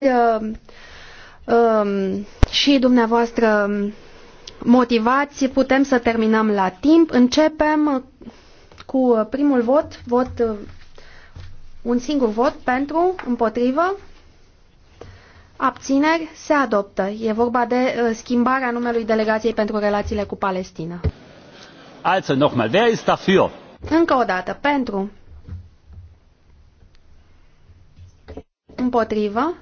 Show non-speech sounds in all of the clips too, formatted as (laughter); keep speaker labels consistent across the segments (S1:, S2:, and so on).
S1: Um, și dumneavoastră motivați, putem să terminăm la timp. Începem cu primul vot, vot uh, un singur vot pentru, împotrivă, abțineri, se adoptă. E vorba de uh, schimbarea numelui delegației pentru relațiile cu Palestina.
S2: Also nochmal, wer ist dafür?
S1: Încă o dată, pentru. Împotrivă.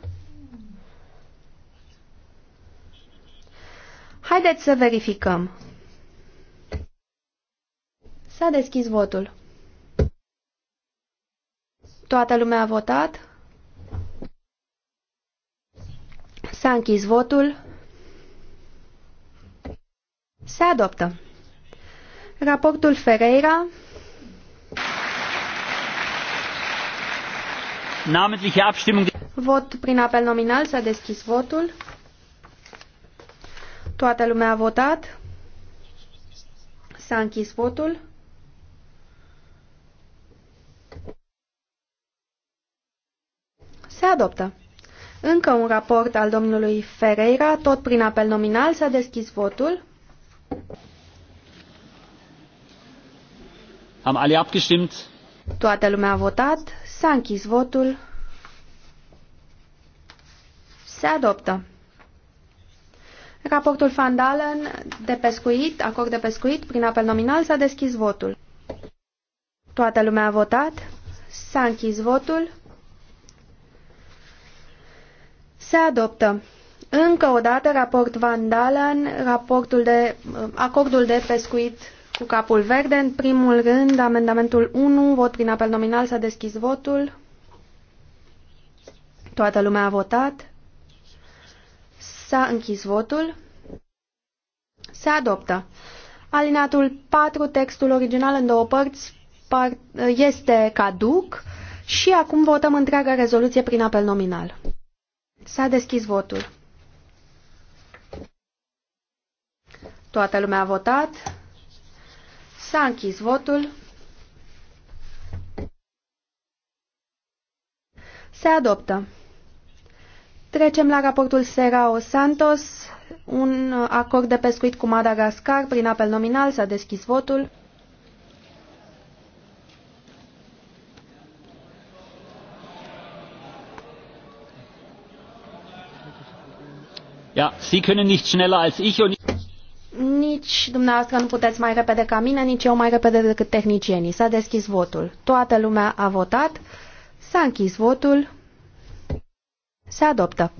S1: Haideți să verificăm. S-a deschis votul. Toată lumea a votat. S-a închis votul. Se adoptă. Raportul Ferreira. Vot prin apel nominal. S-a deschis votul. Toată lumea a votat. S-a închis votul. Se adoptă. Încă un raport al domnului Ferreira, tot prin apel nominal, s-a deschis votul.
S2: Am alle abgestimmt?
S1: Toată lumea a votat, s-a închis votul. Se adoptă. Raportul Van Dalen de pescuit, acord de pescuit, prin apel nominal s-a deschis votul. Toată lumea a votat, s-a închis votul, se adoptă. Încă o dată, raport Van Dalen, raportul de, acordul de pescuit cu capul verde. În primul rând, amendamentul 1, vot prin apel nominal, s-a deschis votul. Toată lumea a votat. S-a închis votul. Se adoptă. Alinatul 4, textul original în două părți, este caduc și acum votăm întreaga rezoluție prin apel nominal. S-a deschis votul. Toată lumea a votat. S-a închis votul. Se adoptă. Trecem la raportul Serao Santos, un acord de pescuit cu Madagascar prin apel nominal. S-a deschis votul.
S2: Ja, Sie können nicht schneller als ich und
S1: nici dumneavoastră nu puteți mai repede ca mine, nici eu mai repede decât tehnicienii. S-a deschis votul. Toată lumea a votat. S-a închis votul. Se adoptă.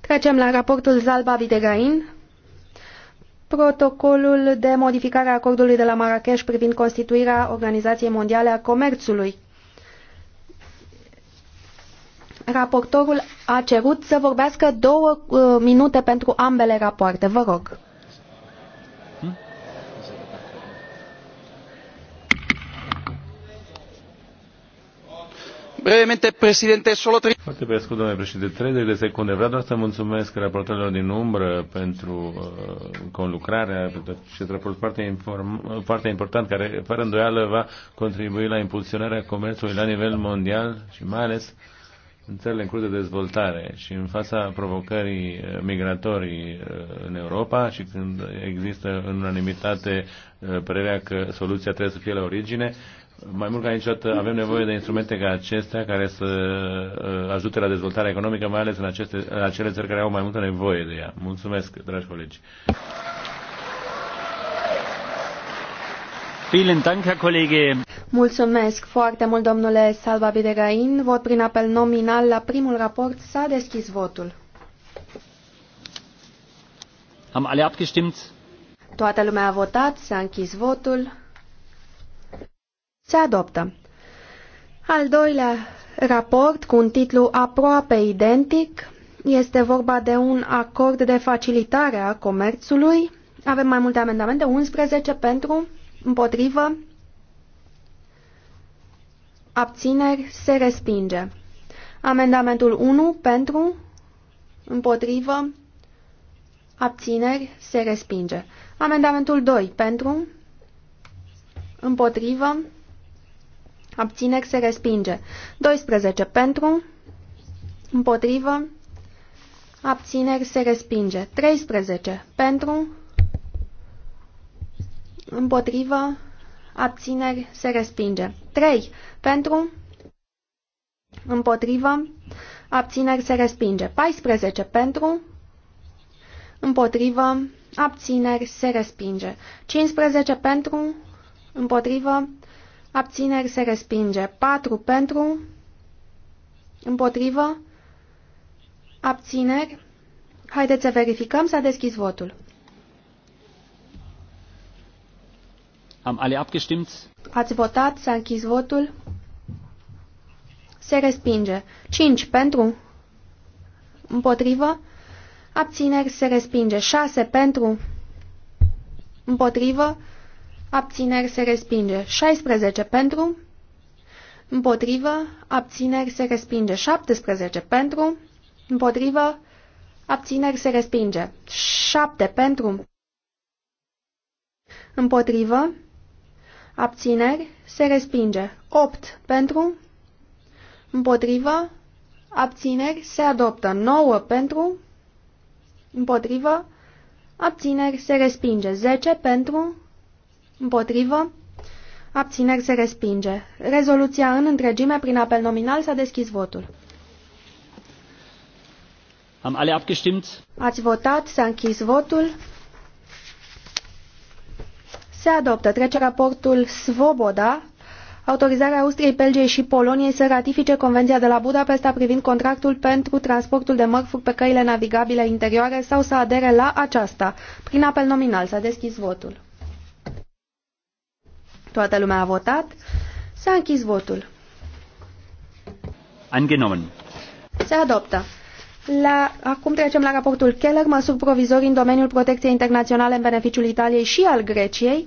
S1: Trecem la raportul Zalba Videgain. Protocolul de modificare a acordului de la Marrakesh privind constituirea Organizației Mondiale a Comerțului. Raportorul a cerut să vorbească două uh, minute pentru ambele rapoarte. Vă rog.
S3: brevemente, președinte, solo trei... Foarte pe scurt, domnule președinte, 30 de secunde. Vreau doar să mulțumesc raportorilor din umbră pentru uh, conlucrarea, pentru acest raport foarte, inform, uh, foarte important, care fără îndoială va contribui la impulsionarea comerțului la nivel mondial și mai ales în țările în curs de dezvoltare și în fața provocării uh, migratorii uh, în Europa și când există în unanimitate părerea că soluția trebuie să fie la origine, mai mult ca niciodată avem nevoie de instrumente ca acestea care să uh, ajute la dezvoltarea economică, mai ales în, aceste, în acele țări care au mai multă nevoie de ea. Mulțumesc, dragi colegi.
S1: Mulțumesc foarte mult, domnule Salva Bidegain. Vot prin apel nominal la primul raport. S-a deschis votul.
S2: Am alle abgestimmt?
S1: Toată lumea a votat, s-a închis votul. Se adoptă. Al doilea raport, cu un titlu aproape identic, este vorba de un acord de facilitare a comerțului. Avem mai multe amendamente, 11 pentru, împotrivă, abțineri, se respinge. Amendamentul 1 pentru, împotrivă, abțineri, se respinge. Amendamentul 2 pentru, împotrivă, Abțineri se respinge. 12 pentru, împotrivă, abțineri se respinge. 13 pentru, împotrivă, abțineri se respinge. 3 pentru, împotrivă, abțineri se respinge. 14 pentru, împotrivă, abțineri se respinge. 15 pentru, împotrivă, Abțineri se respinge. 4 pentru. Împotrivă. Abțineri. Haideți să verificăm. S-a deschis votul.
S2: Am alle abgestimmt?
S1: Ați votat, s-a închis votul. Se respinge. 5 pentru. Împotrivă. Abțineri se respinge. 6 pentru. Împotrivă. Abțineri se respinge. 16 pentru. Împotrivă. Abțineri se respinge. 17 pentru. Împotrivă. Abțineri se respinge. 7 pentru. Împotrivă. Abțineri se respinge. 8 pentru. Împotrivă. Abțineri se adoptă. 9 pentru. Împotrivă. Abțineri se respinge. 10 pentru. Împotrivă? Abțineri se respinge. Rezoluția în întregime prin apel nominal s-a deschis votul.
S2: Am alle abgestimmt?
S1: Ați votat, s-a închis votul. Se adoptă. Trece raportul Svoboda, autorizarea Austriei, Belgiei și Poloniei să ratifice Convenția de la Budapesta privind contractul pentru transportul de mărfuri pe căile navigabile interioare sau să adere la aceasta. Prin apel nominal s-a deschis votul. Toată lumea a votat. S-a închis votul. Angenomen. Se adoptă. La, acum trecem la raportul Keller, măsuri provizorii în domeniul protecției internaționale în beneficiul Italiei și al Greciei.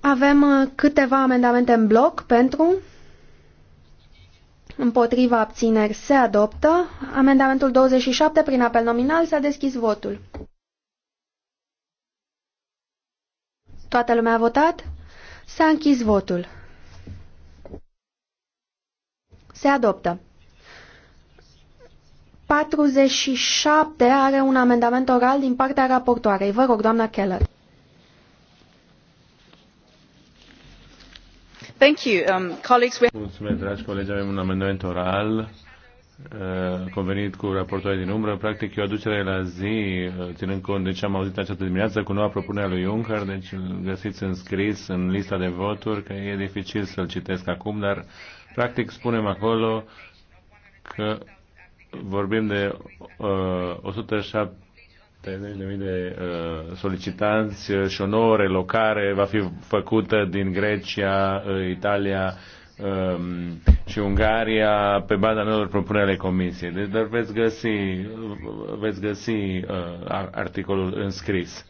S1: Avem uh, câteva amendamente în bloc pentru, împotriva abțineri se adoptă. Amendamentul 27 prin apel nominal s-a deschis votul. Toată lumea a votat? S-a închis votul. Se adoptă. 47 are un amendament oral din partea raportoarei. Vă rog, doamna Keller.
S3: Thank you, um, colleagues. Mulțumesc, dragi colegi. Avem un amendament oral Uh, convenit cu raportoarea din umbră. Practic, e o aducere la zi, uh, ținând cont de ce am auzit această dimineață, cu noua propunere lui Juncker, deci îl găsiți scris în lista de voturi, că e dificil să-l citesc acum, dar practic spunem acolo că vorbim de uh, 107 70.000 de uh, solicitanți uh, și o nouă relocare va fi făcută din Grecia, uh, Italia, um, și Ungaria pe baza noilor propuneri ale Comisiei. Deci, dar veți găsi, veți găsi uh, articolul înscris.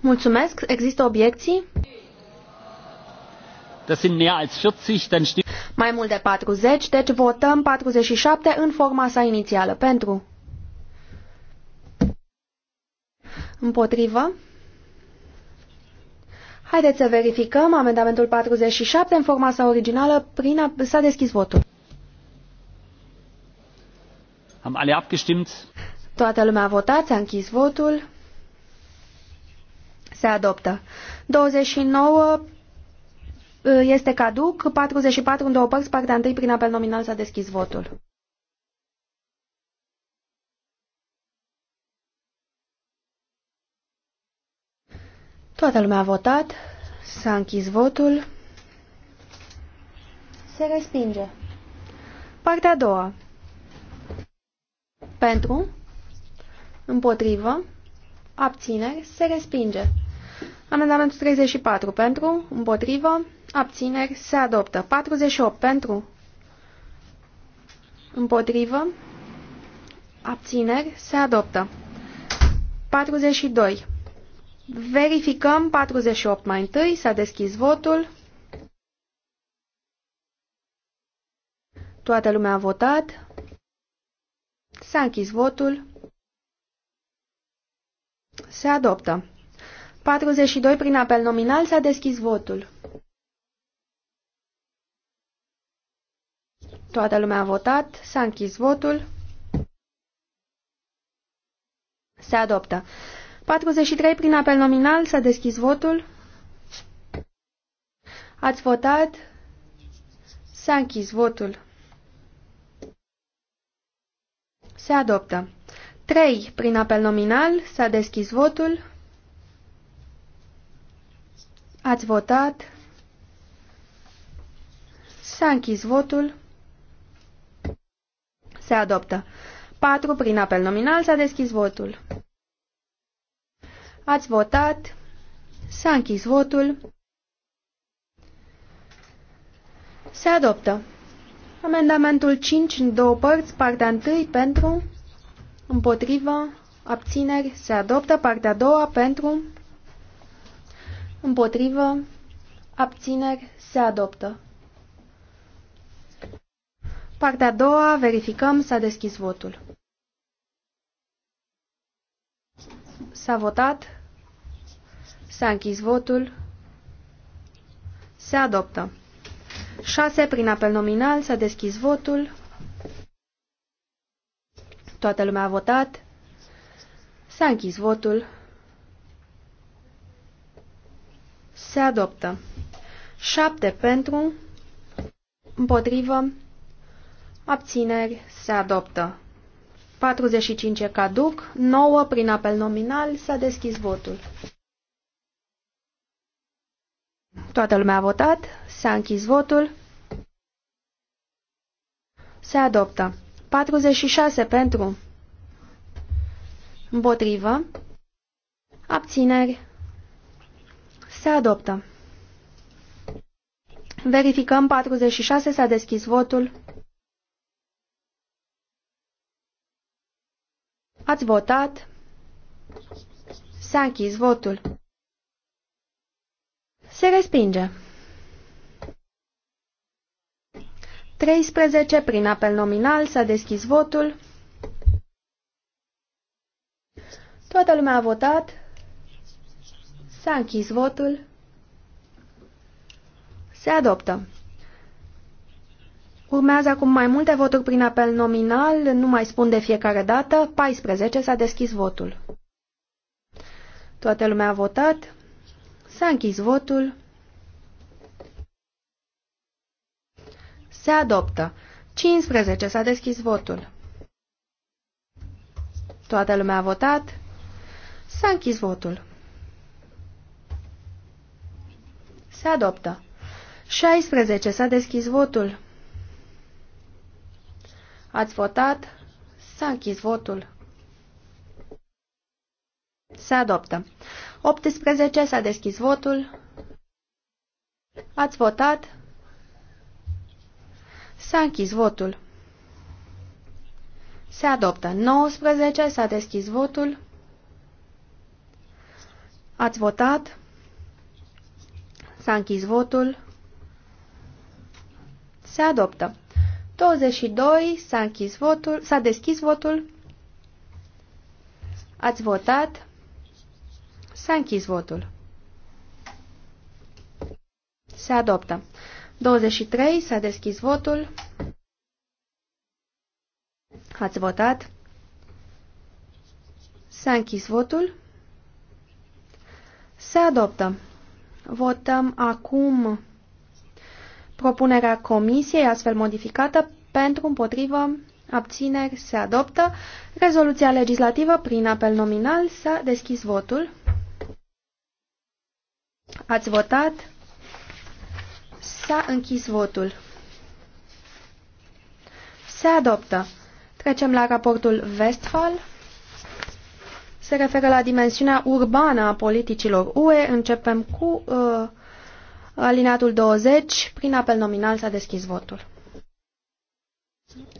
S1: Mulțumesc. Există obiecții?
S3: Das sind mehr
S2: als 40, dann
S1: Mai mult de 40, deci votăm 47 în forma sa inițială. Pentru? Împotrivă? Haideți să verificăm amendamentul 47 în forma sa originală. Prin s-a deschis votul.
S2: Am alle abgestimmt?
S1: Toată lumea a votat, s-a închis votul. Se adoptă. 29 uh, este caduc, 44 în două părți, partea întâi prin apel nominal s-a deschis votul. Toată lumea a votat. S-a închis votul. Se respinge. Partea a doua. Pentru, împotrivă, abțineri, se respinge. Amendamentul 34 pentru, împotrivă, abțineri, se adoptă. 48 pentru, împotrivă, abțineri, se adoptă. 42 Verificăm 48 mai întâi, s-a deschis votul. Toată lumea a votat. S-a închis votul. Se adoptă. 42 prin apel nominal s-a deschis votul. Toată lumea a votat, s-a închis votul. Se adoptă. 43 prin apel nominal. S-a deschis votul. Ați votat. S-a închis votul. Se adoptă. 3. Prin apel nominal s-a deschis votul. Ați votat. S-a închis votul. Se adoptă. 4. Prin apel nominal s-a deschis votul. Ați votat. S-a închis votul. Se adoptă. Amendamentul 5 în două părți, partea 1 pentru, împotrivă, abțineri, se adoptă, partea a doua pentru, împotrivă, abțineri, se adoptă. Partea a doua, verificăm, s-a deschis votul. S-a votat. S-a închis votul. Se adoptă. 6. Prin apel nominal s-a deschis votul. Toată lumea a votat. S-a închis votul. Se adoptă. 7 pentru, împotrivă, abțineri, se adoptă. 45 caduc, 9 prin apel nominal s-a deschis votul. Toată lumea a votat, s-a închis votul, se adoptă. 46 pentru, împotrivă, abțineri, se adoptă. Verificăm 46, s-a deschis votul. Ați votat. S-a închis votul. Se respinge. 13. Prin apel nominal s-a deschis votul. Toată lumea a votat. S-a închis votul. Se adoptă. Urmează acum mai multe voturi prin apel nominal, nu mai spun de fiecare dată. 14. S-a deschis votul. Toată lumea a votat. S-a închis votul. Se adoptă. 15. S-a deschis votul. Toată lumea a votat. S-a închis votul. Se adoptă. 16. S-a deschis votul. Ați votat. S-a închis votul. Se adoptă. 18. S-a deschis votul. Ați votat. S-a închis votul. Se adoptă. 19. S-a deschis votul. Ați votat. S-a închis votul. Se adoptă. 22. S-a închis votul. S-a deschis votul. Ați votat. S-a închis votul. Se adoptă. 23. S-a deschis votul. Ați votat. S-a închis votul. Se adoptă. Votăm acum propunerea comisiei astfel modificată pentru împotrivă abțineri se adoptă. Rezoluția legislativă prin apel nominal s-a deschis votul. Ați votat? S-a închis votul. Se adoptă. Trecem la raportul Westfall. Se referă la dimensiunea urbană a politicilor UE. Începem cu uh, alineatul 20. Prin apel nominal s-a deschis votul.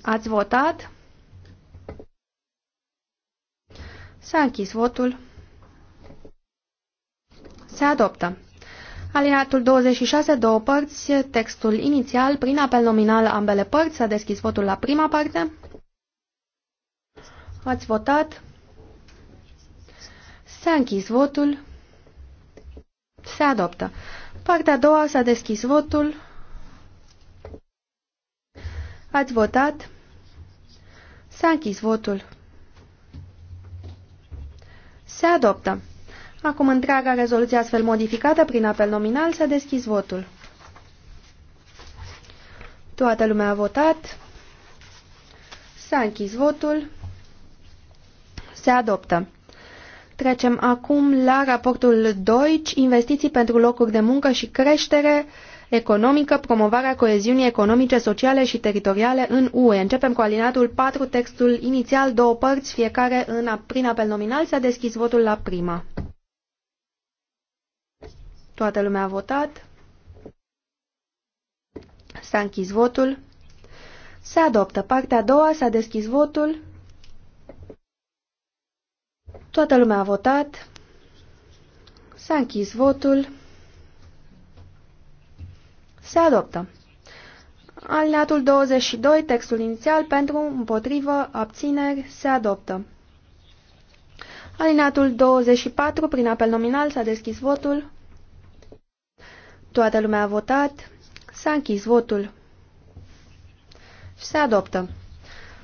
S1: Ați votat? S-a închis votul. Se adoptă. Alineatul 26, două părți, textul inițial, prin apel nominal ambele părți, s-a deschis votul la prima parte. Ați votat. S-a închis votul. Se adoptă. Partea a doua s-a deschis votul. Ați votat. S-a închis votul. Se adoptă. Acum întreaga rezoluție astfel modificată prin apel nominal s-a deschis votul. Toată lumea a votat. S-a închis votul. Se adoptă. Trecem acum la raportul Deutsch, investiții pentru locuri de muncă și creștere economică, promovarea coeziunii economice, sociale și teritoriale în UE. Începem cu alinatul 4, textul inițial, două părți, fiecare în, prin apel nominal. S-a deschis votul la prima. Toată lumea a votat. S-a închis votul. Se adoptă. Partea a doua s-a deschis votul. Toată lumea a votat. S-a închis votul. Se adoptă. Alineatul 22, textul inițial, pentru, împotrivă, abțineri, se adoptă. Alineatul 24, prin apel nominal, s-a deschis votul. Toată lumea a votat. S-a închis votul. Și se adoptă.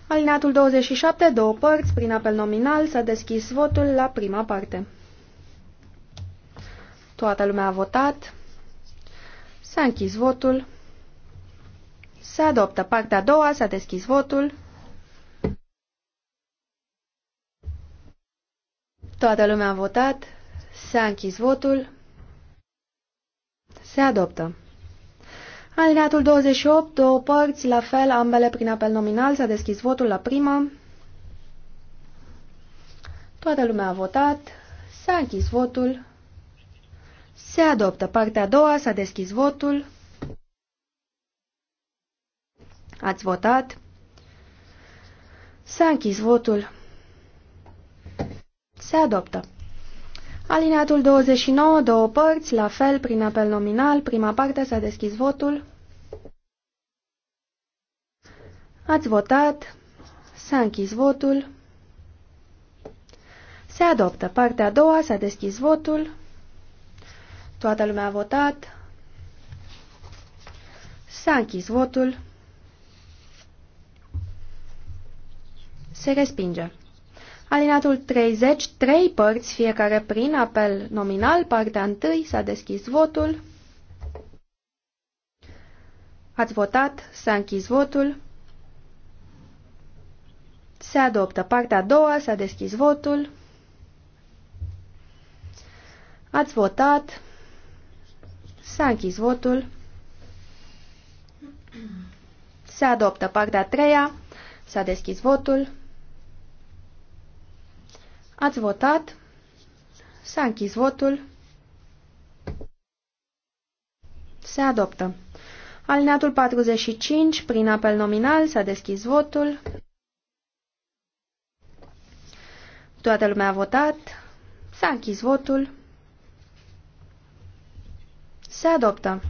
S1: Alinatul 27, două părți, prin apel nominal, s-a deschis votul la prima parte. Toată lumea a votat. S-a închis votul. Se adoptă. Partea a doua s-a deschis votul. Toată lumea a votat. S-a închis votul. Se adoptă. Alineatul 28, două părți, la fel, ambele prin apel nominal. S-a deschis votul la prima. Toată lumea a votat. S-a închis votul. Se adoptă. Partea a doua, s-a deschis votul. Ați votat. S-a închis votul. Se adoptă. Alineatul 29, două părți, la fel, prin apel nominal, prima parte s-a deschis votul. Ați votat, s-a închis votul. Se adoptă. Partea a doua s-a deschis votul. Toată lumea a votat. S-a închis votul. Se respinge. Alinatul 30, trei părți, fiecare prin apel nominal, partea întâi s-a deschis votul. Ați votat, s-a închis votul. Se adoptă partea a doua, s-a deschis votul. Ați votat, s-a închis votul. Se adoptă partea a treia, s-a deschis votul. Ați votat. S-a închis votul. Se adoptă. Alineatul 45, prin apel nominal, s-a deschis votul. Toată lumea a votat. S-a închis votul. Se adoptă.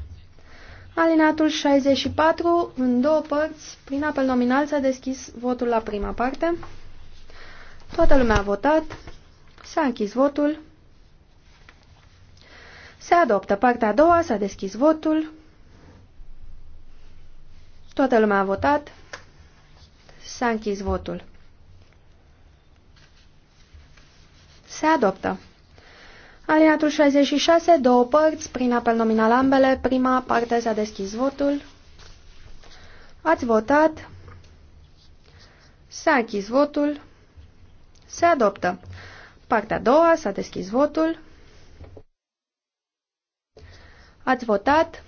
S1: Alineatul 64, în două părți, prin apel nominal, s-a deschis votul la prima parte. Toată lumea a votat. S-a închis votul. Se adoptă partea a doua, s-a deschis votul. Toată lumea a votat. S-a închis votul. Se adoptă. Aliatul 66, două părți, prin apel nominal ambele, prima parte s-a deschis votul. Ați votat. S-a închis votul. Se adoptă. Partea a doua, s-a deschis votul. Ați votat.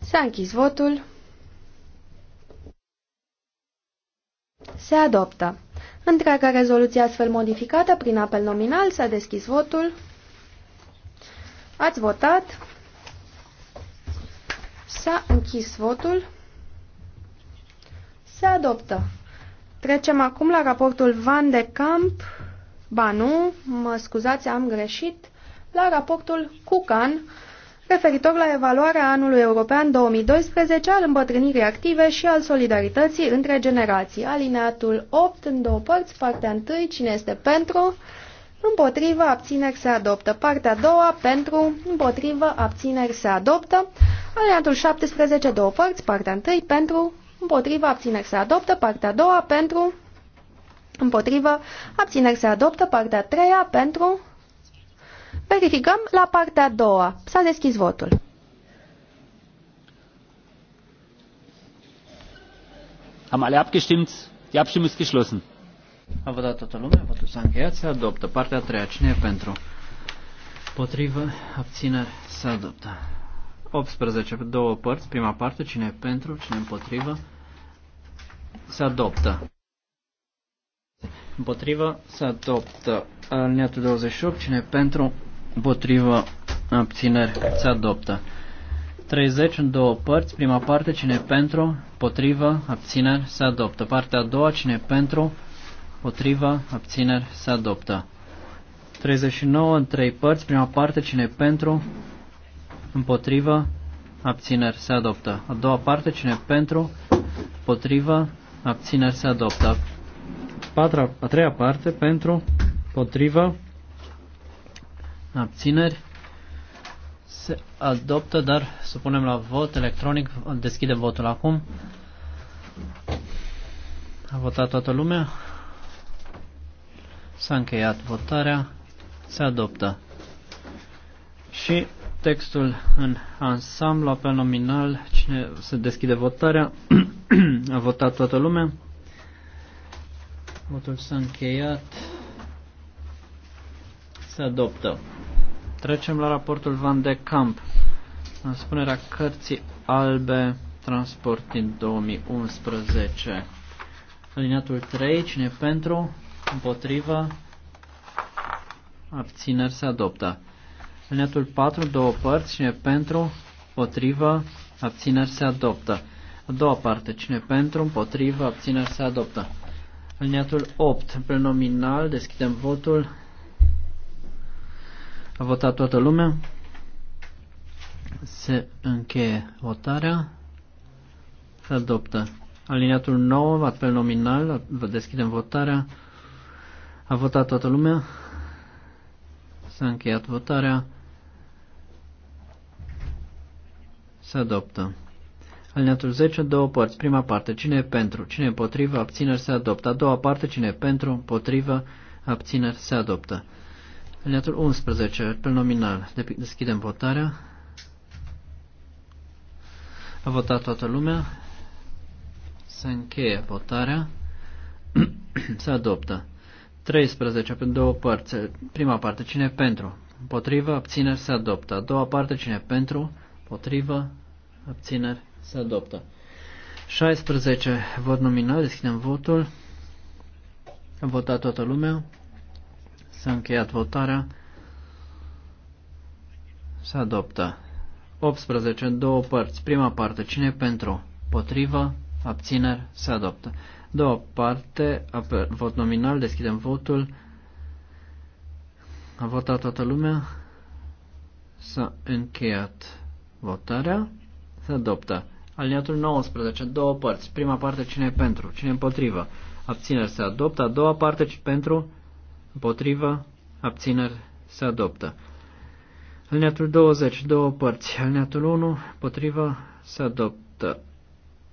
S1: S-a închis votul. Se adoptă. Întreaga rezoluție astfel modificată prin apel nominal s-a deschis votul. Ați votat. S-a închis votul. Se adoptă. Trecem acum la raportul Van de Camp. Ba nu, mă scuzați, am greșit. La raportul Cucan, referitor la evaluarea anului european 2012 al îmbătrânirii active și al solidarității între generații. Alineatul 8 în două părți, partea 1, cine este pentru, împotrivă, abțineri se adoptă. Partea 2 pentru, împotrivă, abțineri se adoptă. Alineatul 17, două părți, partea 1, pentru, împotriva, abțineri se adoptă, partea a doua pentru, împotriva, abțineri se adoptă, partea a treia pentru, verificăm la partea a doua. S-a deschis votul.
S4: Am alle abgestimt, Die Abstimmung ist geschlossen. A votat toată lumea, votul s-a încheiat, se adoptă. Partea a treia, cine e pentru? împotriva abțineri, se adoptă. 18 două părți, prima parte, cine e pentru, cine e împotrivă, se adoptă. Împotrivă se adoptă. Alineatul 28, cine pentru, împotrivă, abțineri, se adoptă. 30 în două părți, prima parte, cine pentru, potriva abțineri, se adoptă. Partea a doua, cine pentru, potrivă, abțineri, se adoptă. 39 în trei părți, prima parte, cine pentru, împotrivă, abțineri, se adoptă. A doua parte, cine pentru, potriva abțineri se adoptă. Patra, a treia parte pentru, potrivă, abțineri se adoptă, dar să punem la vot electronic, deschidem votul acum. A votat toată lumea. S-a încheiat votarea. Se adoptă. Și textul în ansamblu, apel nominal, cine se deschide votarea. (clears throat) A votat toată lumea. Votul s-a încheiat. Se adoptă. Trecem la raportul Van de Camp. Transpunerea cărții albe transport din 2011. Alineatul 3, cine pentru, împotriva, abțineri se adoptă. Alineatul 4, două părți, cine pentru, împotriva, abțineri se adoptă. A doua parte, cine pentru, împotrivă, abțineri se adoptă. Alineatul 8, prenominal, deschidem votul. A votat toată lumea. Se încheie votarea. Se adoptă. Aliniatul 9, vot pe nominal, vă deschidem votarea. A votat toată lumea. S-a încheiat votarea. Se adoptă. Alineatul 10, două părți. Prima parte, cine e pentru, cine e împotrivă, abțineri se adoptă. A doua parte, cine e pentru, împotrivă, abțineri se adoptă. Alineatul 11, pe nominal. Deschidem votarea. A votat toată lumea. Se încheie votarea. (clears throat) se adoptă. 13 pe două părți. Prima parte, cine e pentru? Împotrivă, abțineri se adoptă. A doua parte, cine e pentru? Potrivă, abțineri se adoptă. 16. Vot nominal. Deschidem votul. A votat toată lumea. S-a încheiat votarea. Se adoptă. 18. Două părți. Prima parte. Cine pentru? Potrivă. Abțineri. Se adoptă. Două parte. Vot nominal. Deschidem votul. A votat toată lumea. S-a încheiat votarea. Se adoptă. Alineatul 19, două părți. Prima parte cine e pentru, cine e împotrivă. Abțineri se adoptă. A doua parte pentru, împotrivă, abțineri se adoptă. Alineatul 20, două părți. Alineatul 1, împotrivă, se adoptă.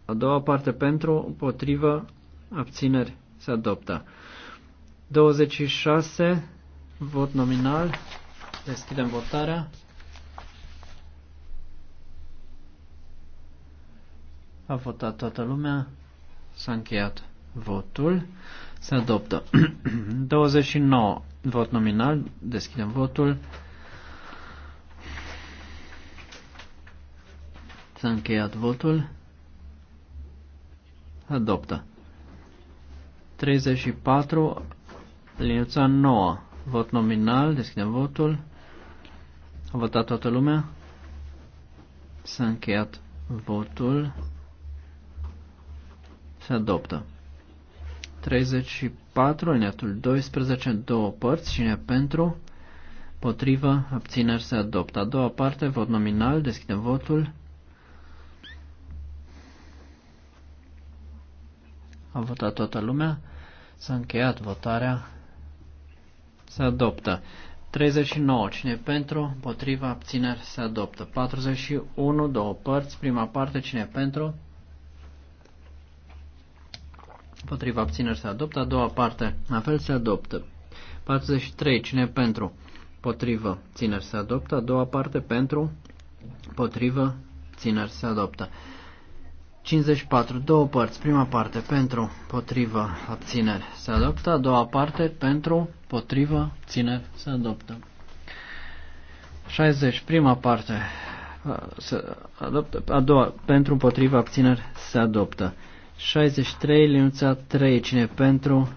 S4: A doua parte pentru, împotrivă, abțineri, se adoptă. 26, vot nominal. Deschidem votarea. A votat toată lumea. S-a încheiat votul. Se adoptă. 29. (clears throat) Vot nominal. Deschidem votul. S-a încheiat votul. Adoptă. 34. Liniuța 9. Vot nominal. Deschidem votul. A votat toată lumea. S-a încheiat votul. Se adoptă. 34, alineatul 12, două părți, cine pentru, potrivă, abțineri se adoptă. A doua parte, vot nominal, deschidem votul. A votat toată lumea, s-a încheiat votarea, se adoptă. 39, cine pentru, potriva, abțineri se adoptă. 41, două părți, prima parte, cine pentru, Potriva abțineri se adoptă. A doua parte. La fel se adoptă. 43. Cine pentru? Potrivă. Țineri se adoptă. A doua parte pentru. Potrivă. Țineri se adoptă. 54. Două părți. Prima parte pentru. Potrivă. Abțineri se adoptă. A doua parte pentru. Potrivă. Țineri se adoptă. 60. Prima parte. Se adoptă. A doua. Pentru. Potrivă. Abțineri se adoptă. 63, linuța 3, cine pentru,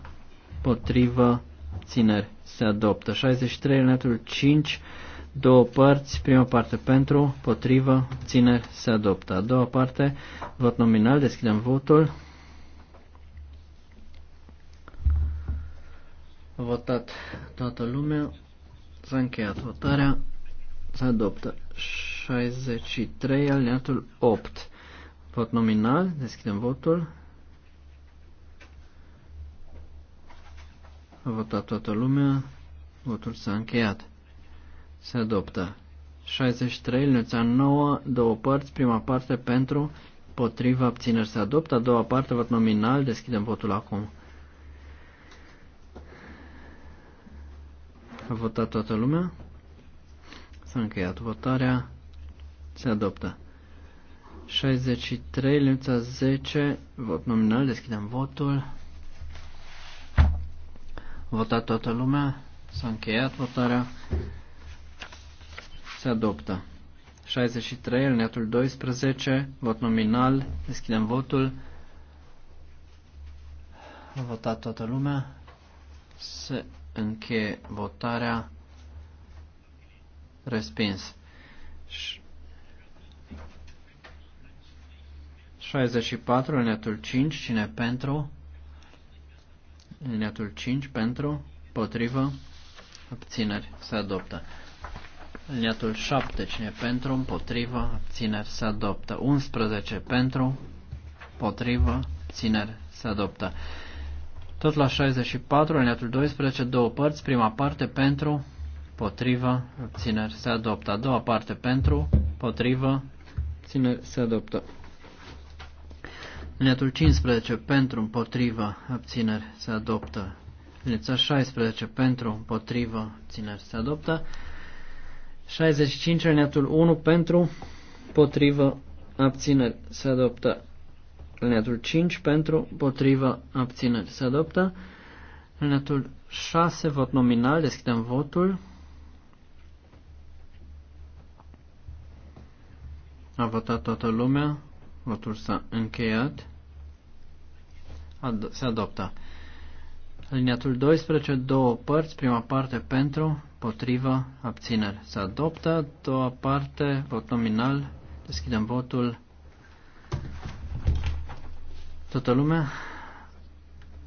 S4: potrivă, țineri, se adoptă. 63, linuțul 5, două părți, prima parte pentru, potrivă, țineri, se adoptă. A doua parte, vot nominal, deschidem votul. A votat toată lumea, s-a încheiat votarea, se adoptă. 63, alineatul 8 Vot nominal, deschidem votul. A votat toată lumea, votul s-a încheiat. Se adoptă. 63, lineța 9, două părți, prima parte pentru, potriva, abțineri se adoptă, a doua parte, vot nominal, deschidem votul acum. A votat toată lumea, s-a încheiat votarea, se adoptă. 63, lipsa 10, vot nominal, deschidem votul. votat toată lumea, s-a încheiat votarea, se adoptă. 63, alineatul 12, vot nominal, deschidem votul. A votat toată lumea, se încheie votarea, respins. 64, liniatul 5, cine pentru? Liniatul 5, pentru, potrivă, abțineri, se adoptă. Liniatul 7, cine pentru, împotrivă, abțineri, se adoptă. 11, pentru, potrivă, abțineri, se adoptă. Tot la 64, liniatul 12, două părți, prima parte pentru, potrivă, abțineri, se adoptă. A doua parte pentru, potrivă, abțineri, se adoptă. Liniatul 15 pentru împotriva abțineri se adoptă. Linița 16 pentru împotriva abțineri se adoptă. 65 liniatul 1 pentru împotriva abțineri se adoptă. Liniatul 5 pentru împotriva abțineri se adoptă. Liniatul 6 vot nominal deschidem votul. A votat toată lumea. Votul s-a încheiat. Ad se adoptă. Liniatul 12, două părți, prima parte pentru, potrivă, abțineri. Se adoptă, doua parte, vot nominal, deschidem votul. Toată lumea,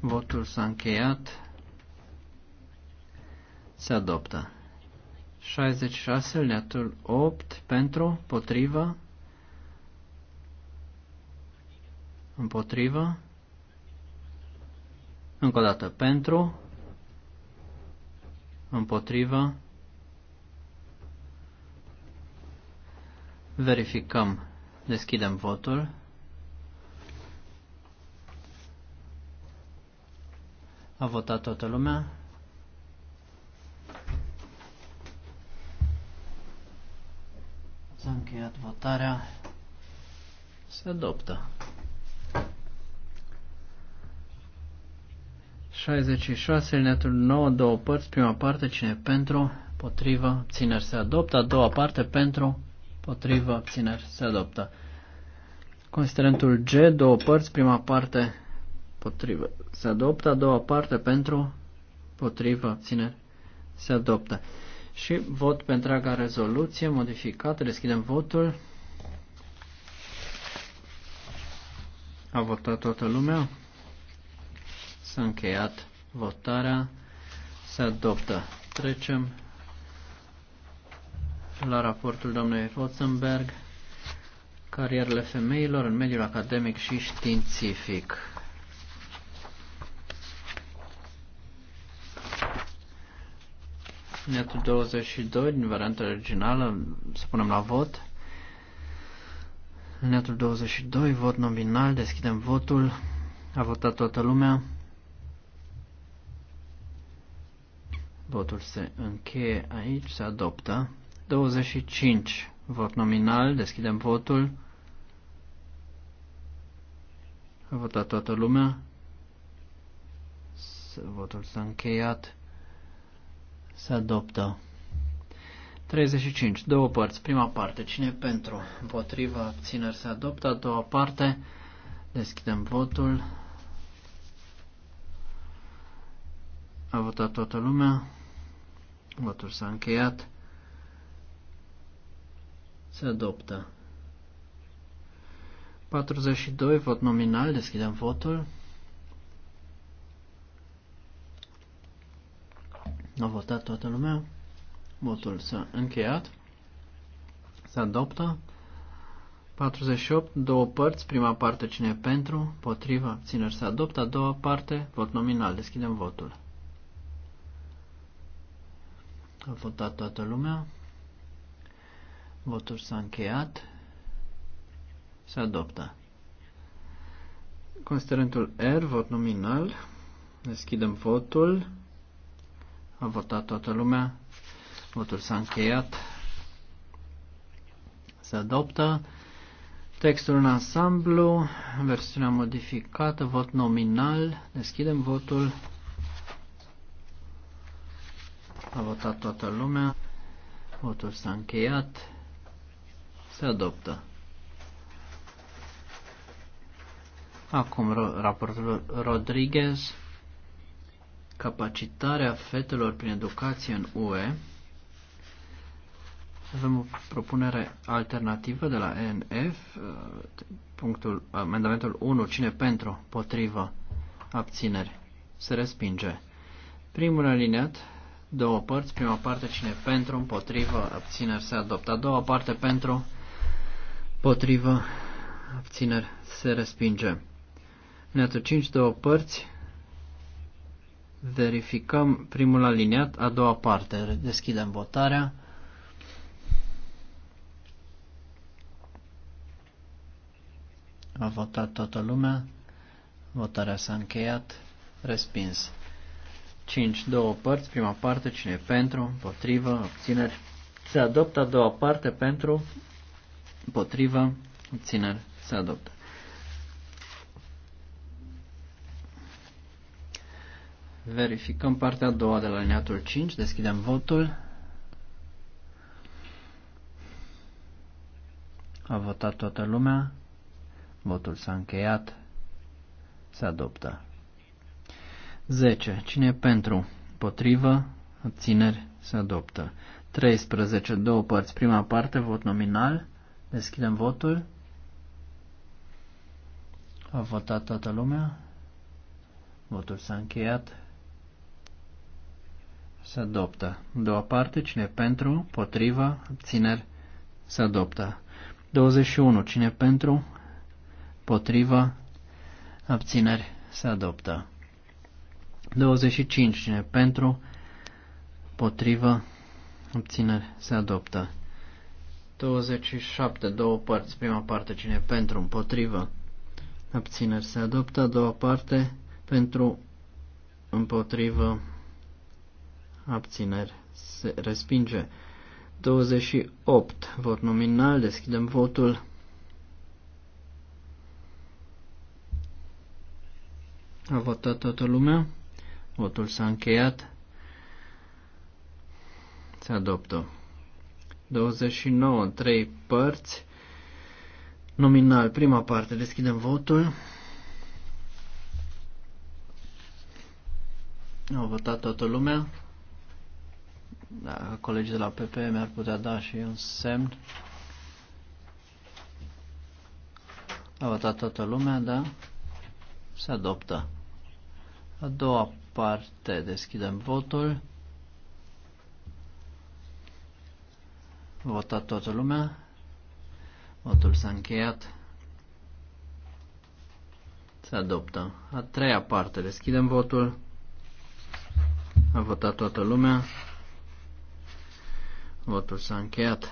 S4: votul s-a încheiat, se adoptă. 66, liniatul 8, pentru, potrivă, împotrivă, încă o dată pentru, împotrivă, verificăm, deschidem votul, a votat toată lumea, s-a încheiat votarea, se adoptă. 66, alineatul 9, două părți, prima parte, cine pentru, potrivă, țineri se adoptă, a doua parte, pentru, potrivă, țineri se adoptă. Considerentul G, două părți, prima parte, potrivă, se adoptă, a doua parte, pentru, potrivă, țineri se adoptă. Și vot pe întreaga rezoluție modificată, deschidem votul. A votat toată lumea. S-a încheiat votarea. Se adoptă. Trecem la raportul domnului Rotzenberg, carierele femeilor în mediul academic și științific. Netul 22, din varianta originală, să punem la vot. Netul 22, vot nominal, deschidem votul. A votat toată lumea. Votul se încheie aici, se adoptă. 25. Vot nominal, deschidem votul. A votat toată lumea. Votul s-a încheiat. Se adoptă. 35. Două părți. Prima parte. Cine pentru? Împotriva abțineri se adoptă. A doua parte. Deschidem votul. A votat toată lumea. Votul s-a încheiat. Se adoptă. 42, vot nominal, deschidem votul. A votat toată lumea. Votul s-a încheiat. Se adoptă. 48, două părți, prima parte cine e pentru, potriva, abțineri se adoptă, a doua parte, vot nominal, deschidem votul. A votat toată lumea. Votul s-a încheiat. Se adoptă. Considerentul R, vot nominal. Deschidem votul. A votat toată lumea. Votul s-a încheiat. Se adoptă. Textul în ansamblu, versiunea modificată, vot nominal. Deschidem votul. A votat toată lumea. Votul s-a încheiat. Se adoptă. Acum raportul Rodriguez. Capacitarea fetelor prin educație în UE. Avem o propunere alternativă de la NF. punctul, amendamentul 1, cine pentru, potrivă, abțineri, se respinge. Primul aliniat, două părți, prima parte cine pentru, împotrivă, abțineri se adoptă, a doua parte pentru, împotrivă, abțineri se respinge. Alineatul 5, două părți, verificăm primul aliniat, a doua parte, deschidem votarea. A votat toată lumea, votarea s-a încheiat, respins. 5, două părți, prima parte, cine pentru, potrivă, obțineri. Se adoptă a doua parte pentru, potrivă, obțineri, se adoptă. Verificăm partea a doua de la liniatul 5, deschidem votul. A votat toată lumea, votul s-a încheiat, se adoptă. 10. Cine e pentru? Potrivă? Abțineri? Se adoptă. 13. Două părți. Prima parte, vot nominal. Deschidem votul. A votat toată lumea. Votul s-a încheiat. Se adoptă. Doua parte, cine pentru, potriva, abțineri, se adoptă. 21. Cine pentru, potriva, abțineri, se adoptă. 25. Cine pentru, potrivă, obținere, se adoptă. 27. Două părți. Prima parte, cine pentru, împotrivă, abțineri, se adoptă. A doua parte, pentru, împotrivă, abțineri, se respinge. 28. Vot nominal, deschidem votul. A votat toată lumea. Votul s-a încheiat. Se adoptă. 29 în 3 părți. Nominal, prima parte. Deschidem votul. Au votat toată lumea. Dacă colegii de la PP mi-ar putea da și un semn. A votat toată lumea, da? Se adoptă. A doua parte. Deschidem votul. Votat toată lumea. Votul s-a încheiat. Se adoptă. A treia parte. Deschidem votul. A votat toată lumea. Votul s-a încheiat.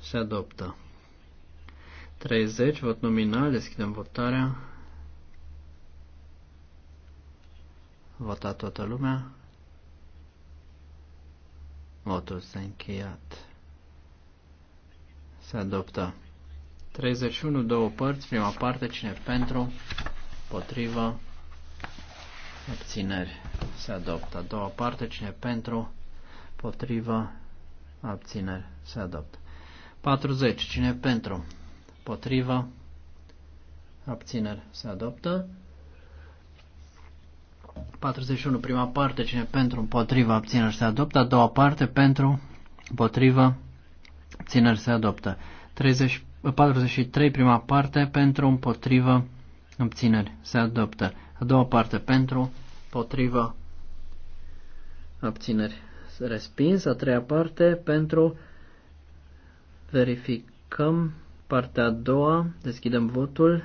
S4: Se adoptă. 30. Vot nominal. Deschidem votarea. votat toată lumea. Votul s-a încheiat. Se adoptă. 31, două părți, prima parte, cine pentru, potriva, abțineri. Se adoptă. A doua parte, cine pentru, potriva, abțineri. Se adoptă. 40, cine pentru, potriva, abțineri. Se adoptă. 41, prima parte, cine pentru, împotriva, abțineri se adoptă. A doua parte, pentru, împotriva, abțineri se adoptă. 30, 43, prima parte, pentru, împotriva, abțineri se adoptă. A doua parte, pentru, împotriva, abțineri respins. A treia parte, pentru, verificăm. Partea a doua, deschidem votul.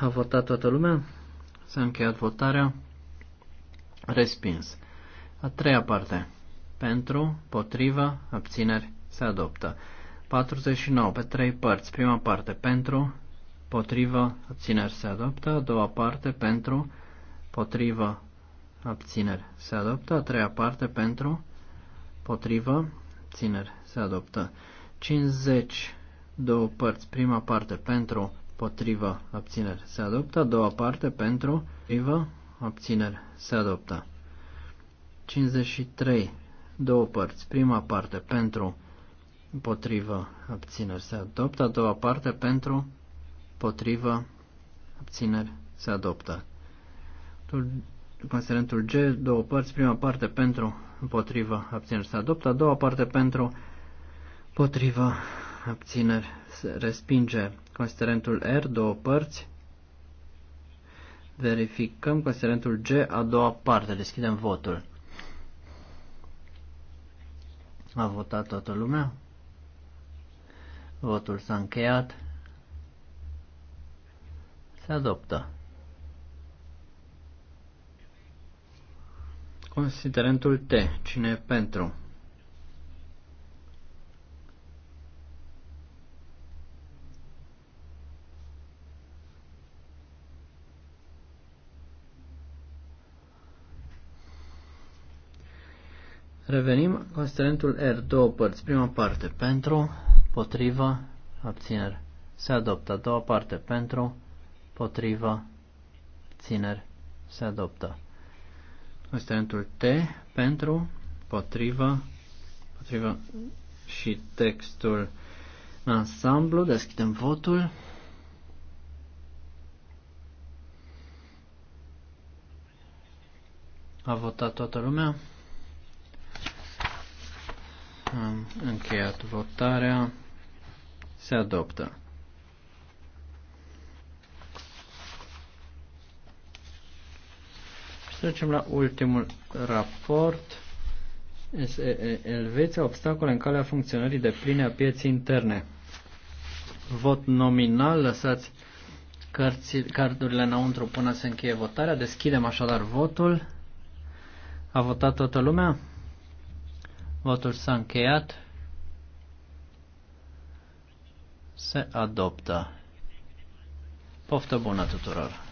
S4: A votat toată lumea? S-a încheiat votarea. Respins. A treia parte. Pentru, potriva, abțineri, se adoptă. 49. Pe trei părți. Prima parte. Pentru, potriva, abțineri, se adoptă. A doua parte. Pentru, potriva, abțineri, se adoptă. A treia parte. Pentru, potriva, abțineri, se adoptă. 50. Două părți. Prima parte. Pentru, Potrivă. Abțineri. Se adoptă. A doua parte. Pentru. Potrivă. Abțineri. Se adoptă. 53. Două părți. Prima parte. Pentru. Potrivă. Abțineri. Se adoptă. A doua parte. Pentru. Potrivă. Abțineri. Se adoptă. Considerentul G, două părți, prima parte pentru, împotrivă, abțineri se adoptă, a doua parte pentru, împotrivă, abțineri se respinge. Considerentul R, două părți. Verificăm considerentul G, a doua parte. Deschidem votul. A votat toată lumea. Votul s-a încheiat. Se adoptă. Considerentul T. Cine e pentru? Revenim constrentul R, două părți. Prima parte pentru, potriva, abțineri. Se adoptă. A doua parte pentru, potriva, abțineri. Se adoptă. Constrentul T pentru, potriva, potriva și textul în ansamblu. Deschidem votul. A votat toată lumea? Am încheiat votarea. Se adoptă. Și trecem la ultimul raport. Elveția, obstacole în calea funcționării de pline a pieții interne. Vot nominal, lăsați cărți, cardurile înăuntru până se încheie votarea. Deschidem așadar votul. A votat toată lumea? Votul s-a încheiat. Se adoptă. Poftă bună tuturor!